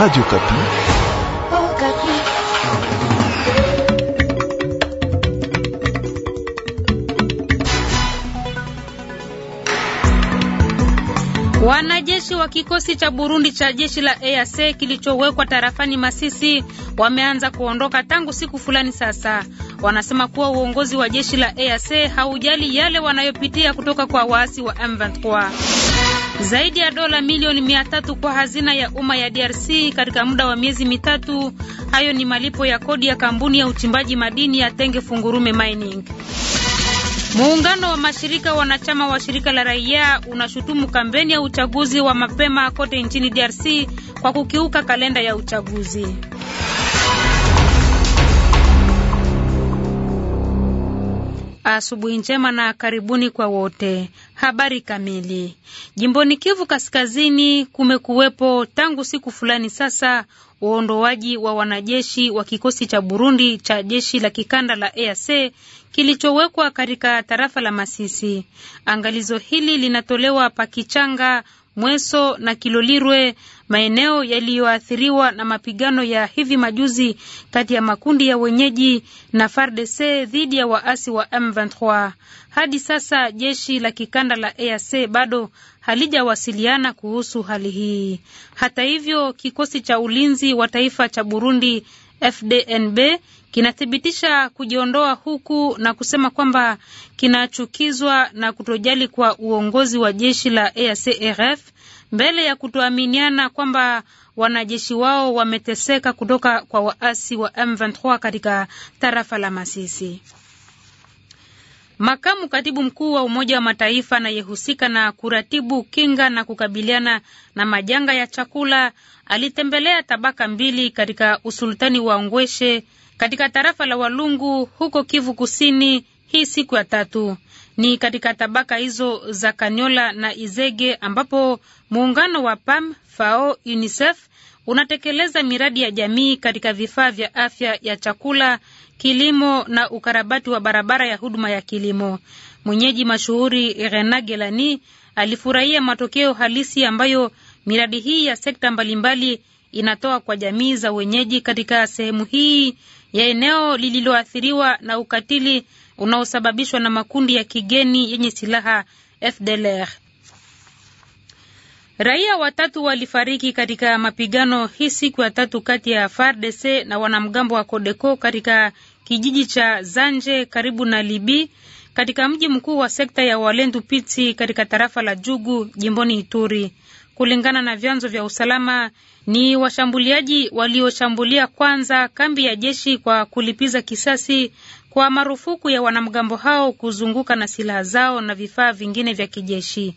Radio Okapi. Wanajeshi wa kikosi cha Burundi cha jeshi la EAC kilichowekwa tarafani Masisi wameanza kuondoka tangu siku fulani sasa. Wanasema kuwa uongozi wa jeshi la EAC haujali yale wanayopitia kutoka kwa waasi wa M23. Zaidi ya dola milioni mia tatu kwa hazina ya umma ya DRC katika muda wa miezi mitatu. Hayo ni malipo ya kodi ya kampuni ya uchimbaji madini ya Tenge Fungurume Mining. Muungano wa mashirika wanachama wa shirika la raia unashutumu kampeni ya uchaguzi wa mapema kote nchini DRC kwa kukiuka kalenda ya uchaguzi. Asubuhi njema na karibuni kwa wote. Habari kamili. Jimboni Kivu Kaskazini kumekuwepo tangu siku fulani sasa uondoaji wa wanajeshi wa kikosi cha Burundi cha jeshi la kikanda la EAC kilichowekwa katika tarafa la Masisi. Angalizo hili linatolewa Pakichanga Mweso na Kilolirwe, maeneo yaliyoathiriwa na mapigano ya hivi majuzi kati ya makundi ya wenyeji na FARDC dhidi ya waasi wa M23. Hadi sasa jeshi la kikanda la EAC bado halijawasiliana kuhusu hali hii. Hata hivyo, kikosi cha ulinzi wa taifa cha Burundi FDNB kinathibitisha kujiondoa huku na kusema kwamba kinachukizwa na kutojali kwa uongozi wa jeshi la EACRF mbele ya kutoaminiana kwamba wanajeshi wao wameteseka kutoka kwa waasi wa M23 katika tarafa la Masisi. Makamu katibu mkuu wa Umoja wa Mataifa anayehusika na kuratibu kinga na kukabiliana na majanga ya chakula alitembelea tabaka mbili katika usultani wa Ngweshe katika tarafa la Walungu huko Kivu Kusini hii siku ya tatu. Ni katika tabaka hizo za Kanyola na Izege ambapo muungano wa PAM, FAO, UNICEF unatekeleza miradi ya jamii katika vifaa vya afya ya chakula kilimo na ukarabati wa barabara ya huduma ya kilimo. Mwenyeji mashuhuri Rena Gelani alifurahia matokeo halisi ambayo miradi hii ya sekta mbalimbali inatoa kwa jamii za wenyeji katika sehemu hii ya eneo lililoathiriwa na ukatili unaosababishwa na makundi ya kigeni yenye silaha FDLR. Raia watatu walifariki katika mapigano hii siku ya tatu kati ya FARDC na wanamgambo wa Kodeko katika kijiji cha Zanje karibu na Libi katika mji mkuu wa sekta ya Walendu Piti katika tarafa la Jugu jimboni Ituri. Kulingana na vyanzo vya usalama, ni washambuliaji walioshambulia kwanza kambi ya jeshi kwa kulipiza kisasi kwa marufuku ya wanamgambo hao kuzunguka na silaha zao na vifaa vingine vya kijeshi.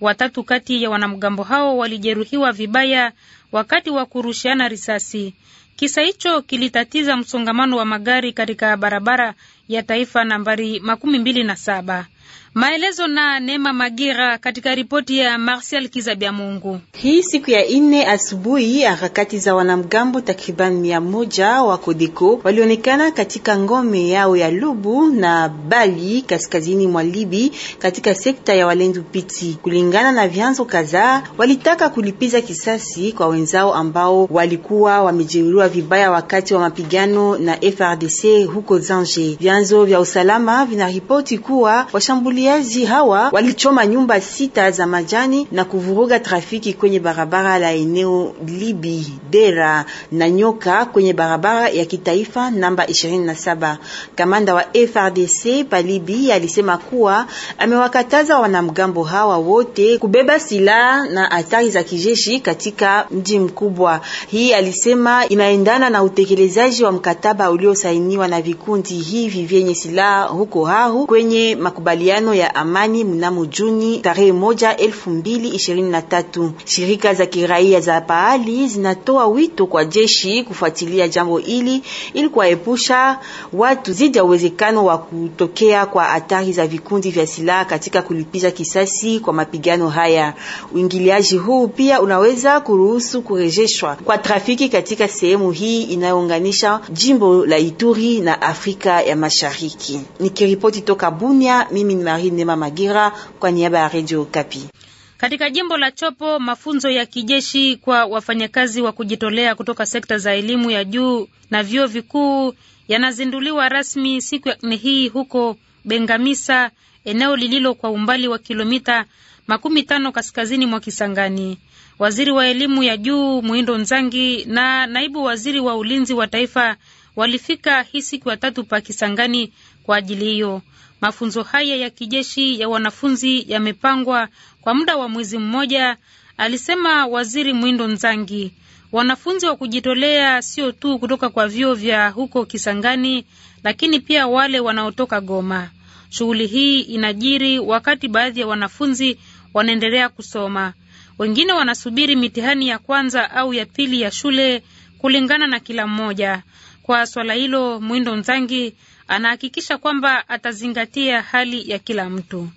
Watatu kati ya wanamgambo hao walijeruhiwa vibaya wakati wa kurushiana risasi. Kisa hicho kilitatiza msongamano wa magari katika barabara ya taifa nambari makumi mbili na saba. Maelezo na Nema Magira katika ripoti ya Marcial Mungu. Hii siku ya ine asubuhi, harakati za wanamgambo takriban mia moja wa Kodeko walionekana katika ngome yao ya Lubu na Bali kaskazini mwa Libi katika sekta ya Walendu Piti. Kulingana na vyanzo kadhaa, walitaka kulipiza kisasi kwa wenzao ambao walikuwa wamejeruhiwa vibaya wakati wa mapigano na FRDC huko Zanje. Vyanzo vya usalama vinaripoti kuwa washambuliaji Washambuliaji hawa walichoma nyumba sita za majani na kuvuruga trafiki kwenye barabara la eneo Libi Dera na Nyoka kwenye barabara ya kitaifa namba 27. Kamanda wa FRDC Palibi alisema kuwa amewakataza wanamgambo hawa wote kubeba silaha na hatari za kijeshi katika mji mkubwa. Hii alisema inaendana na utekelezaji wa mkataba uliosainiwa na vikundi hivi vyenye silaha huko hahu kwenye makubaliano makubaliano ya amani mnamo Juni tarehe moja elfu mbili ishirini na tatu. Shirika za kiraia za pahali zinatoa wito kwa jeshi kufuatilia jambo hili ili kuwaepusha watu dhidi ya uwezekano wa kutokea kwa hatari za vikundi vya silaha katika kulipiza kisasi kwa mapigano haya. Uingiliaji huu pia unaweza kuruhusu kurejeshwa kwa trafiki katika sehemu hii inayounganisha jimbo la Ituri na Afrika ya Mashariki. Nikiripoti toka Bunia, mimi Marie Nema Magira kwa niaba ya Radio Kapi. Katika jimbo la Chopo, mafunzo ya kijeshi kwa wafanyakazi wa kujitolea kutoka sekta za elimu ya juu na vyuo vikuu yanazinduliwa rasmi siku ya nne hii huko Bengamisa, eneo lililo kwa umbali wa kilomita makumi tano kaskazini mwa Kisangani. Waziri wa elimu ya juu Mwindo Nzangi na naibu waziri wa ulinzi wa taifa walifika hii siku ya tatu pa Kisangani kwa ajili hiyo. Mafunzo haya ya kijeshi ya wanafunzi yamepangwa kwa muda wa mwezi mmoja, alisema Waziri Mwindo Nzangi. Wanafunzi wa kujitolea sio tu kutoka kwa vyuo vya huko Kisangani, lakini pia wale wanaotoka Goma. Shughuli hii inajiri wakati baadhi ya wanafunzi wanaendelea kusoma, wengine wanasubiri mitihani ya kwanza au ya pili ya shule, kulingana na kila mmoja. Kwa swala hilo, Mwindo Nzangi anahakikisha kwamba atazingatia hali ya kila mtu.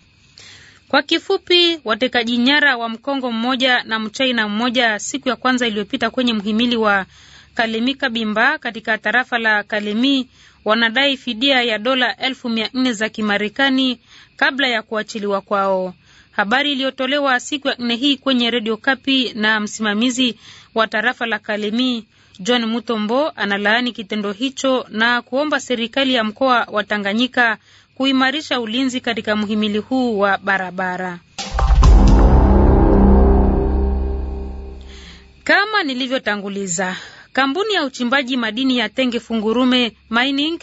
Kwa kifupi, watekaji nyara wa Mkongo mmoja na Mchaina mmoja siku ya kwanza iliyopita kwenye mhimili wa Kalemi Kabimba katika tarafa la Kalemi wanadai fidia ya dola elfu mia nne za Kimarekani kabla ya kuachiliwa kwao. Habari iliyotolewa siku ya nne hii kwenye redio Kapi na msimamizi wa tarafa la Kalemi John Mutombo analaani kitendo hicho na kuomba serikali ya mkoa wa Tanganyika kuimarisha ulinzi katika mhimili huu wa barabara. Kama nilivyotanguliza, kampuni ya uchimbaji madini ya Tenge Fungurume Mining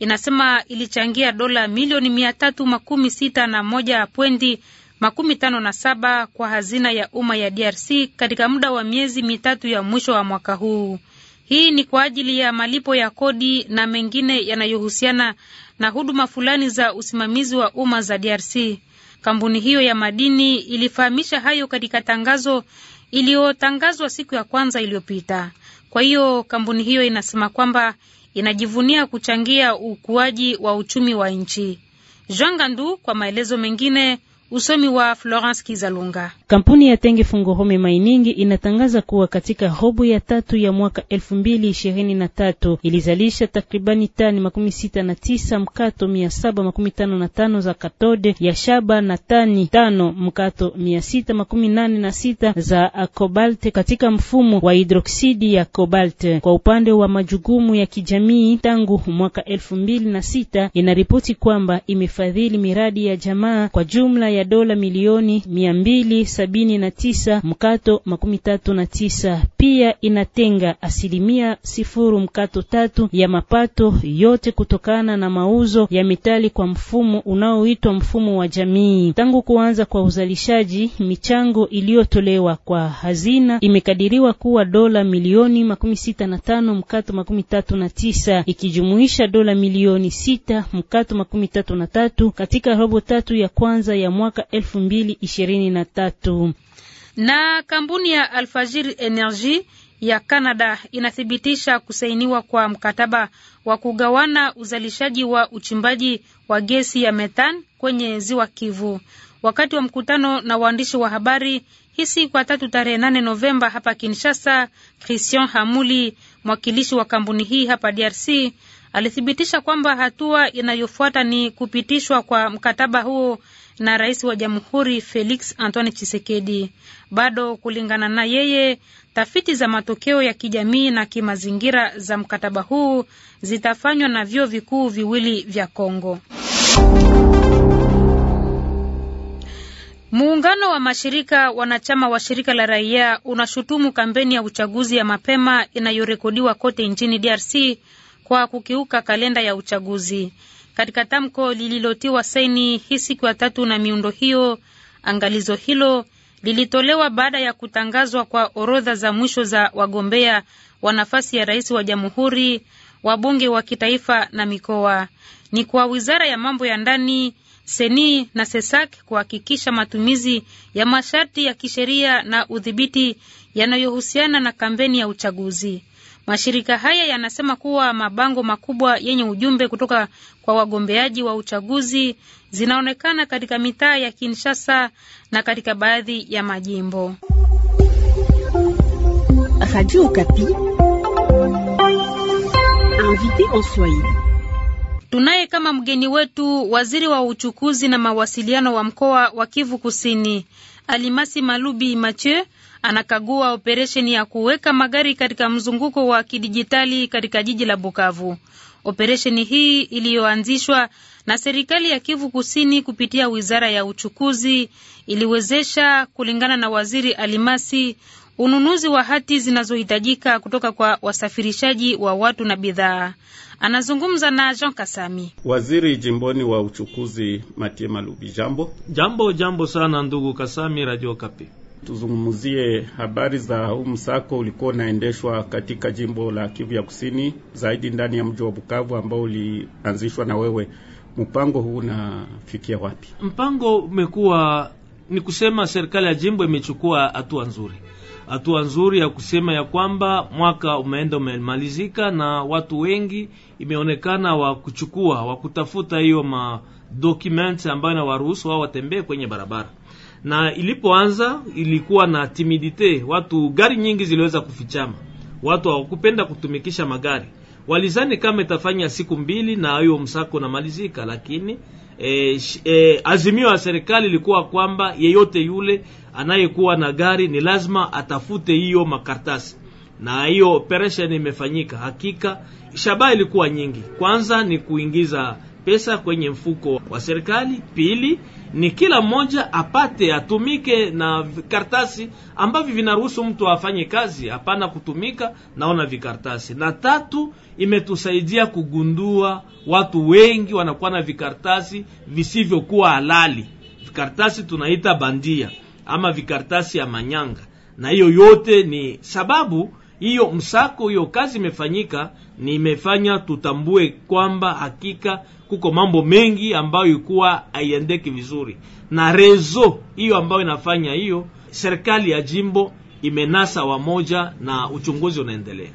inasema ilichangia dola milioni mia tatu makumi sita na moja pwendi makumi tano na saba kwa hazina ya umma ya DRC katika muda wa miezi mitatu ya mwisho wa mwaka huu. Hii ni kwa ajili ya malipo ya kodi na mengine yanayohusiana na huduma fulani za usimamizi wa umma za DRC. Kampuni hiyo ya madini ilifahamisha hayo katika tangazo iliyotangazwa siku ya kwanza iliyopita. Kwa hiyo kampuni hiyo inasema kwamba inajivunia kuchangia ukuaji wa uchumi wa nchi. Jean Gandu kwa maelezo mengine, usomi wa Florence Kizalunga. Kampuni ya Tenge Fungurume Mainingi inatangaza kuwa katika robo ya tatu ya mwaka 2023 ilizalisha takribani tani makumi sita na tisa mkato mia saba makumi tano na tano za katode ya shaba na tani tano mkato mia sita makumi nane na sita za kobalte katika mfumo wa hidroksidi ya kobalte. Kwa upande wa majugumu ya kijamii, tangu mwaka elfu mbili na sita inaripoti kwamba imefadhili miradi ya jamaa kwa jumla ya dola milioni mia mbili sabini na tisa mkato makumi tatu na tisa. Pia inatenga asilimia sifuru mkato tatu ya mapato yote kutokana na mauzo ya metali kwa mfumo unaoitwa mfumo wa jamii. Tangu kuanza kwa uzalishaji, michango iliyotolewa kwa hazina imekadiriwa kuwa dola milioni makumi sita na tano mkato makumi tatu na tisa ikijumuisha dola milioni sita mkato makumi tatu na tatu katika robo tatu ya kwanza ya mwaka elfu mbili ishirini na tatu tatu. Na kampuni ya Alfajir Energy ya Canada inathibitisha kusainiwa kwa mkataba wa kugawana uzalishaji wa uchimbaji wa gesi ya methan kwenye Ziwa Kivu. Wakati wa mkutano na waandishi wa habari hii siku ya tatu tarehe nane Novemba hapa Kinshasa, Christian Hamuli, mwakilishi wa kampuni hii hapa DRC, alithibitisha kwamba hatua inayofuata ni kupitishwa kwa mkataba huo na rais wa jamhuri Felix Antoine chisekedi Bado kulingana na yeye, tafiti za matokeo ya kijamii na kimazingira za mkataba huu zitafanywa na vyuo vikuu viwili vya Kongo. Muungano wa mashirika wanachama wa shirika la raia unashutumu kampeni ya uchaguzi ya mapema inayorekodiwa kote nchini DRC kwa kukiuka kalenda ya uchaguzi. Katika tamko lililotiwa saini hii siku ya tatu na miundo hiyo, angalizo hilo lilitolewa baada ya kutangazwa kwa orodha za mwisho za wagombea wa nafasi ya rais wa jamhuri, wabunge wa kitaifa na mikoa. Ni kwa wizara ya mambo ya ndani seni na sesak kuhakikisha matumizi ya masharti ya kisheria na udhibiti yanayohusiana na kampeni ya uchaguzi. Mashirika haya yanasema kuwa mabango makubwa yenye ujumbe kutoka kwa wagombeaji wa uchaguzi zinaonekana katika mitaa ya Kinshasa na katika baadhi ya majimbo. Tunaye kama mgeni wetu waziri wa uchukuzi na mawasiliano wa mkoa wa Kivu Kusini, Alimasi Malubi Mathieu anakagua operesheni ya kuweka magari katika mzunguko wa kidijitali katika jiji la Bukavu. Operesheni hii iliyoanzishwa na serikali ya Kivu Kusini kupitia wizara ya uchukuzi iliwezesha, kulingana na waziri Alimasi, ununuzi wa hati zinazohitajika kutoka kwa wasafirishaji wa watu na bidhaa. Anazungumza na Jean Kasami, waziri jimboni wa uchukuzi Matie Malubi. Jambo jambo jambo sana ndugu Kasami, Radio Kapi. Tuzungumzie habari za huu msako ulikuwa unaendeshwa katika jimbo la Kivu ya Kusini, zaidi ndani ya mji wa Bukavu ambao ulianzishwa na wewe. Mpango huu unafikia wapi? Mpango umekuwa ni kusema serikali ya jimbo imechukua hatua nzuri, hatua nzuri ya kusema ya kwamba mwaka umeenda umemalizika, na watu wengi imeonekana wa kuchukua wa kutafuta hiyo ma documents ambayo inawaruhusu wao watembee kwenye barabara na ilipoanza ilikuwa na timidite, watu gari nyingi ziliweza kufichama, watu hawakupenda kutumikisha magari, walizani kama itafanya siku mbili na hiyo msako unamalizika, lakini E, e, azimio ya serikali ilikuwa kwamba yeyote yule anayekuwa na gari ni lazima atafute hiyo makartasi, na hiyo operation imefanyika. Hakika shabaha ilikuwa nyingi, kwanza ni kuingiza pesa kwenye mfuko wa serikali. Pili ni kila mmoja apate atumike na vikartasi ambavyo vinaruhusu mtu afanye kazi, hapana kutumika naona vikartasi. Na tatu, imetusaidia kugundua watu wengi wanakuwa na vikartasi visivyokuwa halali, vikartasi tunaita bandia ama vikartasi ya manyanga, na hiyo yote ni sababu hiyo msako hiyo kazi imefanyika, ni imefanya tutambue kwamba hakika kuko mambo mengi ambayo ilikuwa haiendeki vizuri, na rezo hiyo ambayo inafanya hiyo, serikali ya jimbo imenasa wamoja, na uchunguzi unaendelea.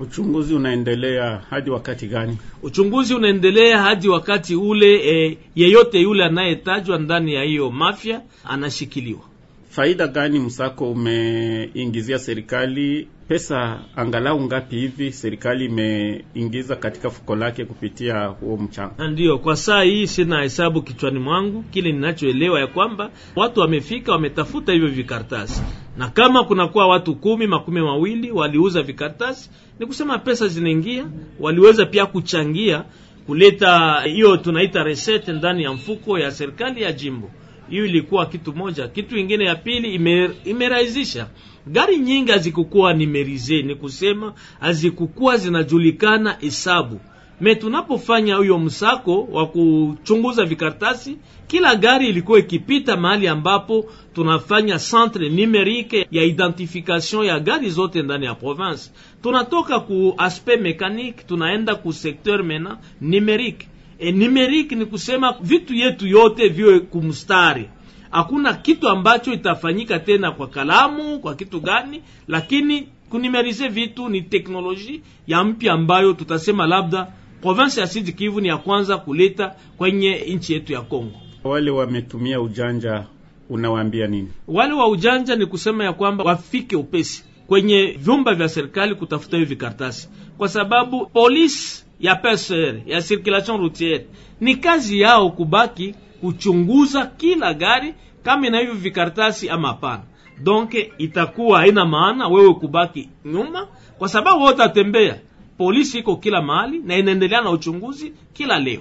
Uchunguzi unaendelea hadi wakati gani? Uchunguzi unaendelea hadi wakati ule e, yeyote yule anayetajwa ndani ya hiyo mafya anashikiliwa. Faida gani msako umeingizia serikali pesa angalau ngapi hivi serikali imeingiza katika fuko lake kupitia huo mchango? ndio kwa saa hii sina hesabu kichwani mwangu. Kile ninachoelewa ya kwamba watu wamefika, wametafuta hivyo vikartasi, na kama kunakuwa watu kumi makumi mawili waliuza vikartasi, ni kusema pesa zinaingia. Waliweza pia kuchangia kuleta hiyo tunaita resete ndani ya mfuko ya serikali ya jimbo hiyo ilikuwa kitu moja. Kitu ingine ya pili imer, imerahisisha gari nyingi hazikukuwa nimerize, ni kusema hazikukuwa zinajulikana hesabu. Me tunapofanya huyo msako wa kuchunguza vikartasi, kila gari ilikuwa ikipita mahali ambapo tunafanya centre numerique ya identification ya gari zote ndani ya province. Tunatoka ku aspect mekanique tunaenda ku secteur mena numerique E, nimeriki ni kusema vitu yetu yote viwe kumstari, hakuna kitu ambacho itafanyika tena kwa kalamu kwa kitu gani, lakini kunimerize vitu ni teknoloji ya mpya ambayo tutasema labda province ya Sud Kivu ni ya kwanza kuleta kwenye nchi yetu ya Kongo. Wale wametumia ujanja unawaambia nini? Wale wa ujanja ni kusema ya kwamba wafike upesi kwenye vyumba vya serikali kutafuta hivi vikaratasi, kwa sababu polisi ya peseur ya circulation routiere ni kazi yao kubaki kuchunguza kila gari kama ina hivyo vikaratasi ama hapana. Donc itakuwa haina maana wewe kubaki nyuma, kwa sababu wewe utatembea. Polisi iko kila mahali na inaendelea na uchunguzi kila leo.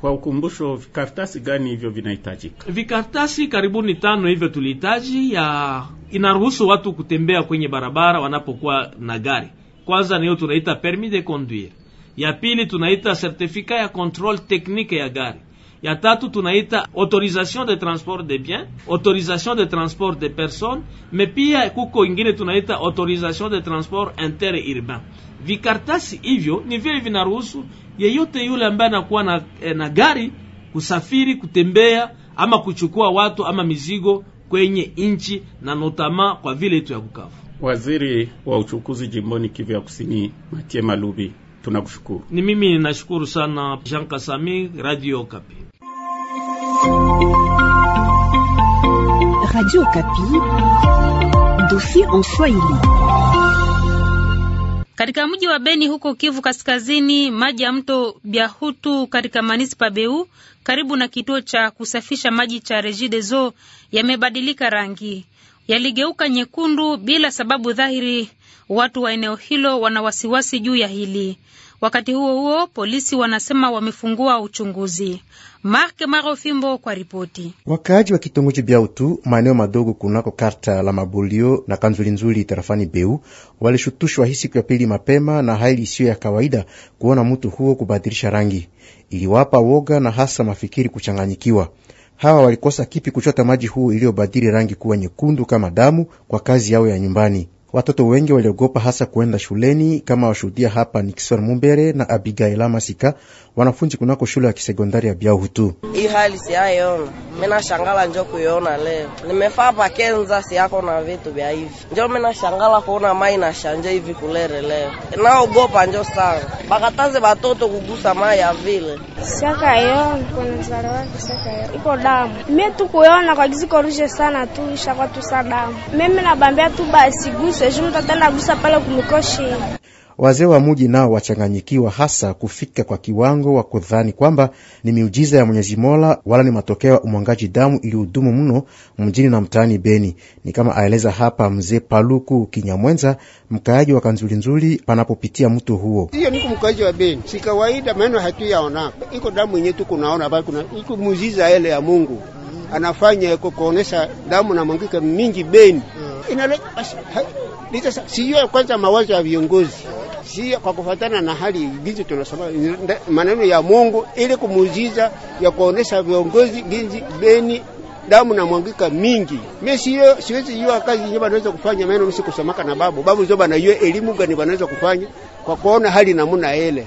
Kwa ukumbusho, vikaratasi gani hivyo vinahitajika? Vikaratasi karibuni tano hivyo tulihitaji, ya inaruhusu watu kutembea kwenye barabara wanapokuwa na gari. Kwanza ni hiyo tunaita permis de conduire ya pili tunaita certificat ya controle technique ya gari ya tatu tunaita autorisation de transport de bien, autorisation de transport de personnes, me pia kuko ingine tunaita autorisation de transport interurbain. Vikartasi hivyo ni vile vinaruhusu yeyote yule ambaye anakuwa na, eh, na gari kusafiri, kutembea ama kuchukua watu ama mizigo kwenye nchi na notama kwa vile yetu ya Bukavu. Waziri wa uchukuzi jimboni kivya Kusini Matie Malubi Tunakushukuru. Ni mimi ninashukuru sana Jean Kasami, Radio Kapi. Radio Kapi. dosi en Swahili. Katika mji wa Beni huko Kivu Kaskazini, maji ya mto Byahutu katika manispa Beu karibu na kituo cha kusafisha maji cha Regideso yamebadilika rangi, yaligeuka nyekundu bila sababu dhahiri Watu wa eneo hilo wana wasiwasi juu ya hili. Wakati huo huo, polisi wanasema wamefungua uchunguzi. Mark Marofimbo kwa ripoti. Wakaaji wa kitongoji Biautu, maeneo madogo kunako karta la mabulio na Kanzulinzuli tarafani Beu, walishutushwa hii siku ya pili mapema na hali isiyo ya kawaida kuona mtu huo kubadilisha rangi. Iliwapa woga na hasa mafikiri kuchanganyikiwa. Hawa walikosa kipi kuchota maji huo iliyobadili rangi kuwa nyekundu kama damu kwa kazi yao ya nyumbani. Watoto wengi waliogopa hasa kuenda shuleni, kama washuhudia hapa Nikson Mumbere na Abigaila Masika, wanafunzi kunako shule ya kisekondari ya Biahutu. Hii hali siyaiona, minashangala njo kuiona leo. Nimefaa pakenza siyako na vitu vya hivi, njo minashangala kuona mai na shanje hivi kulere leo. Naogopa njo sana, bakataze batoto kugusa mai ya vile iko damu mie tu kwa giziko rushe sana tu tu sa damu mimi nabambia tu basi gusa Wazee wa muji nao wachanganyikiwa hasa kufika kwa kiwango wa kudhani kwamba ni miujiza ya Mwenyezi Mola wala ni matokeo ya umwangaji damu iliyodumu mno mjini na mtaani Beni. Ni kama aeleza hapa mzee Paluku Kinyamwenza, mkaaji wa Kanzulinzuli panapopitia mtu huo. Hiyo niko mkaaji wa Beni, si kawaida, meno hatuyaona, iko damu yenyewe tu kunaona, bali kuna iko muujiza ile ya Mungu anafanya iko kuonesha damu na mwangika mingi Beni inaleta Licha siyo kwanza mawazo ya viongozi si kwa kufuatana na hali ginzi, tunasoma maneno ya Mungu ili kumuujiza ya kuonesha viongozi ginzi beni damu na mwangika mingi. Mimi siyo siwezi hiyo kazi hiyo wanaweza kufanya, maneno mimi kusomaka na babu babu, zoba na hiyo elimu gani banaweza kufanya kwa kuona hali namuna ele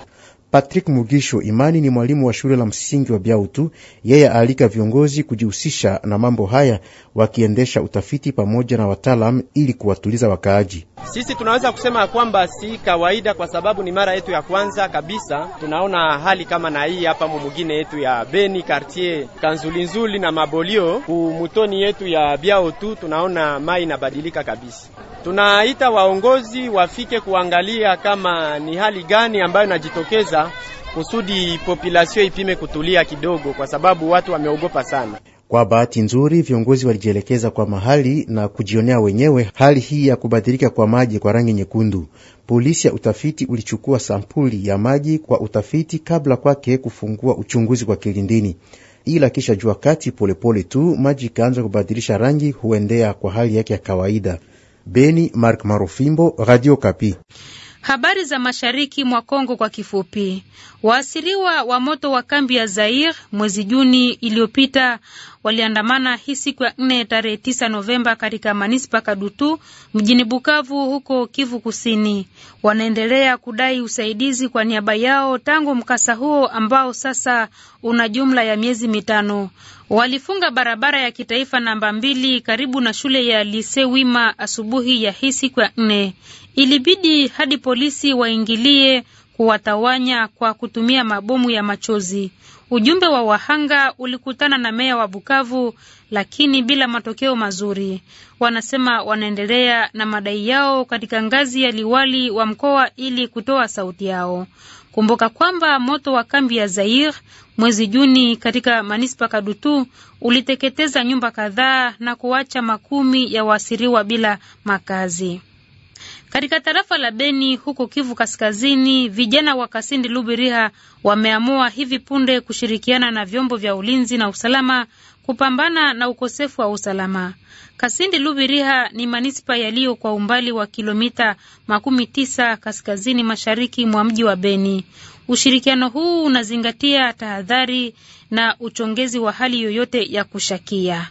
Patrick Mugisho Imani ni mwalimu wa shule la msingi wa Biautu. Yeye aalika viongozi kujihusisha na mambo haya, wakiendesha utafiti pamoja na wataalam ili kuwatuliza wakaaji. Sisi tunaweza kusema ya kwamba si kawaida, kwa sababu ni mara yetu ya kwanza kabisa tunaona hali kama na hii hapa mumugine yetu ya Beni Kartier Kanzulinzuli na Mabolio kumutoni yetu ya Biautu, tunaona mai inabadilika kabisa. Tunaita waongozi wafike kuangalia kama ni hali gani ambayo inajitokeza kusudi population ipime kutulia kidogo, kwa sababu watu wameogopa sana. Kwa bahati nzuri, viongozi walijielekeza kwa mahali na kujionea wenyewe hali hii ya kubadilika kwa maji kwa rangi nyekundu. Polisi ya utafiti ulichukua sampuli ya maji kwa utafiti kabla kwake kufungua uchunguzi kwa kilindini, ila kisha jua kati, polepole tu maji ikaanza kubadilisha rangi, huendea kwa hali yake ya kawaida. Beni, Mark Marofimbo, Radio Kapi. Habari za mashariki mwa Kongo kwa kifupi. Waasiriwa wa moto wa kambi ya Zaire mwezi Juni iliyopita waliandamana hii siku ya nne tarehe tisa Novemba katika manispa Kadutu mjini Bukavu huko Kivu Kusini. Wanaendelea kudai usaidizi kwa niaba yao tangu mkasa huo ambao sasa una jumla ya miezi mitano walifunga barabara ya kitaifa namba mbili karibu na shule ya Lise Wima asubuhi ya hii siku ya nne. Ilibidi hadi polisi waingilie kuwatawanya kwa kutumia mabomu ya machozi. Ujumbe wa wahanga ulikutana na meya wa Bukavu, lakini bila matokeo mazuri. Wanasema wanaendelea na madai yao katika ngazi ya liwali wa mkoa ili kutoa sauti yao. Kumbuka kwamba moto wa kambi ya Zaire mwezi Juni katika manispa Kadutu uliteketeza nyumba kadhaa na kuacha makumi ya waasiriwa bila makazi. Katika tarafa la Beni huko Kivu Kaskazini, vijana wa Kasindi Lubiriha wameamua hivi punde kushirikiana na vyombo vya ulinzi na usalama kupambana na ukosefu wa usalama. Kasindi Lubiriha ni manispa yaliyo kwa umbali wa kilomita makumi tisa kaskazini mashariki mwa mji wa Beni. Ushirikiano huu unazingatia tahadhari na uchongezi wa hali yoyote ya kushakia.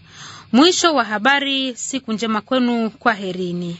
Mwisho wa habari. Siku njema kwenu, kwa herini